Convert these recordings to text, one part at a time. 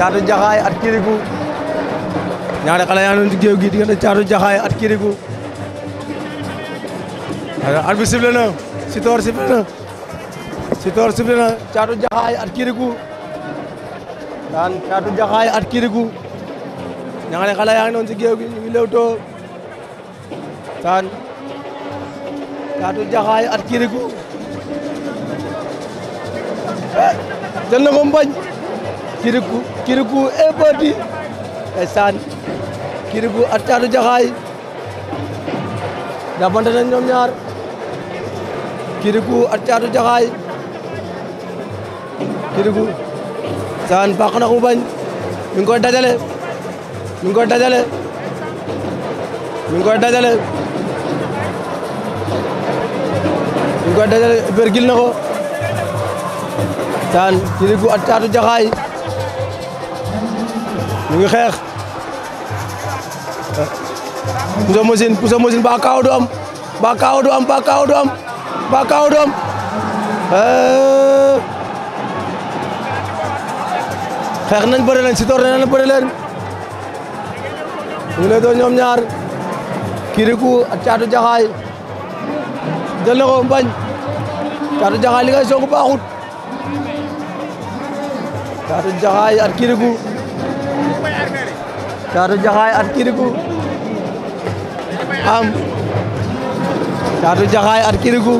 caatu jaxaay at kirigu ñaari xale yaa doon ci géew gi diggante caatu jaxaay at kirigu at bi sifflé na Sitor sifflé caatu jaxaay at kirigu daan caatu jaxaay xale yaa ngi doon ci géew gi ñu ngi lewtoo daan caatu jaxaay at kirigu eh, jël na ko mbañ kirikou kirikou epati ndeysaan kirikou ak Caatu Jaxaay dabante nañ ñoom ñaar kirikou ak Caatu Jaxaay kirikou saan baax na mu bañ mi ngi dajale mi ngi koy dajale mi ngi koy dajale mi ngi koy dajale bergil na ko saan kirikou ak Jaxaay ñu ngi xeex Pouso Machine Pouso ba kaaw du ba kaaw du ba kaaw du am ba eh. nañ bëri nañ si toor nañ bëri leen ñu ñoom ñaar kiriku ak caatu jaxaay jël ko bañ caatu jaxaay li ngay songu baaxut caatu jaxaay ak kiriku Caatu Jaxaay at Kirikou am Caatu Jaxaay at Kirikou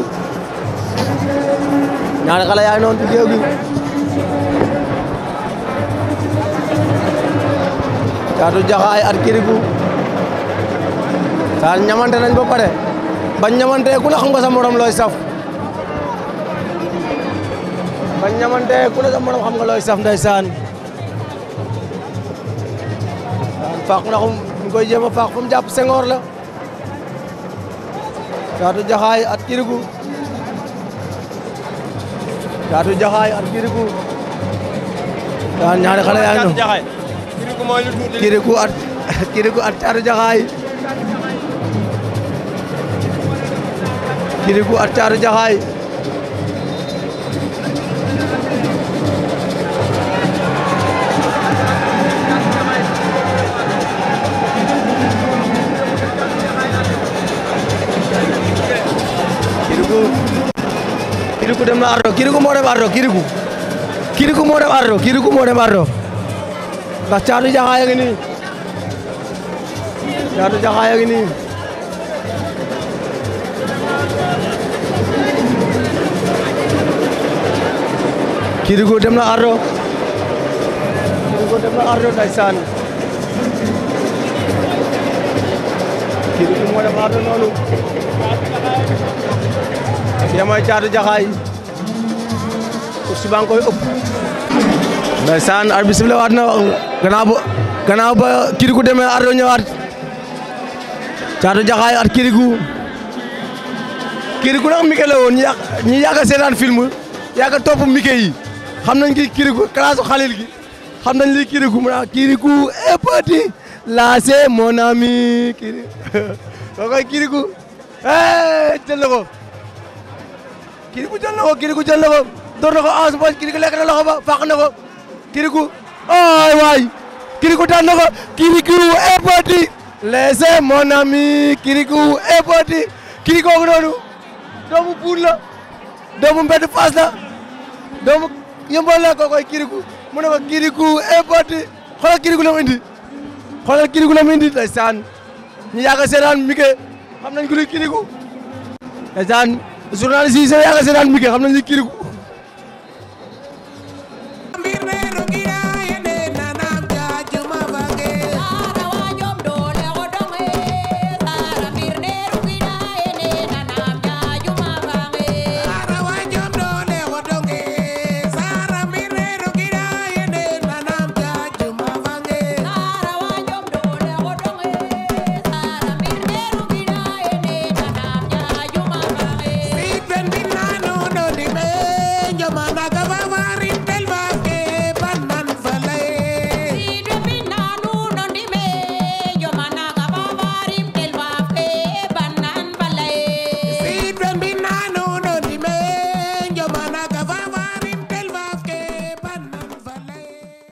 ñaari xale yaa ngi noonu ci Jaxaay at Kirikou saa ñamante nañ ba pare bañ ñamante ku la xam nga sa morom looy saf bañ ñamante ku la sa xam nga looy saf ndeysaan faax ndax mu ngi koy jéem a faax fu mu jàpp Senghor la caatu jaxaay at kirigu caatu jaxaay at kirigu waaw ñaari xale yaa ngi noonu kirigu at kirigu at caatu jaxaay kirigu at caatu jaxaay Kirikou dem na Ardo Kirikou moo dem Ardo Kirikou moo dem Ardo Kirikou dem na Ardo Kirikou dem moo dem Ardo noonu kii mooy caatu jaxaay course baa ngi koy ëpp. ndeysaan arbitre waat na gannaaw ba gannaaw ba kiriku demee ardo ñëwaat caatu jaxaay at kiriku kiriku nag mike la woon ñi yàgg a seetaan film topp mike yi xam na ki kiriku classe xalil gi xam nañ li kiriku mu naan ah, kiriku et petit lancé mon ami kiriku kooku kiriku jël ko. kiriku jël na ko kiriku jël na ko door na ko avance booy kiriku lekk na loxo ba fàq na ko kiriku ay waay kiriku daan na ko kiriku epoti laissez mon kiriku epoti kiriku kooku ko kiriku epoti xoolal kiriku la mu kiriku la mu indi ndeysaan ñu a mi ke xam nañ ku kiriku ndeysaan journaliste yi seen yàlla seen daan mi xam nañ ne kiriku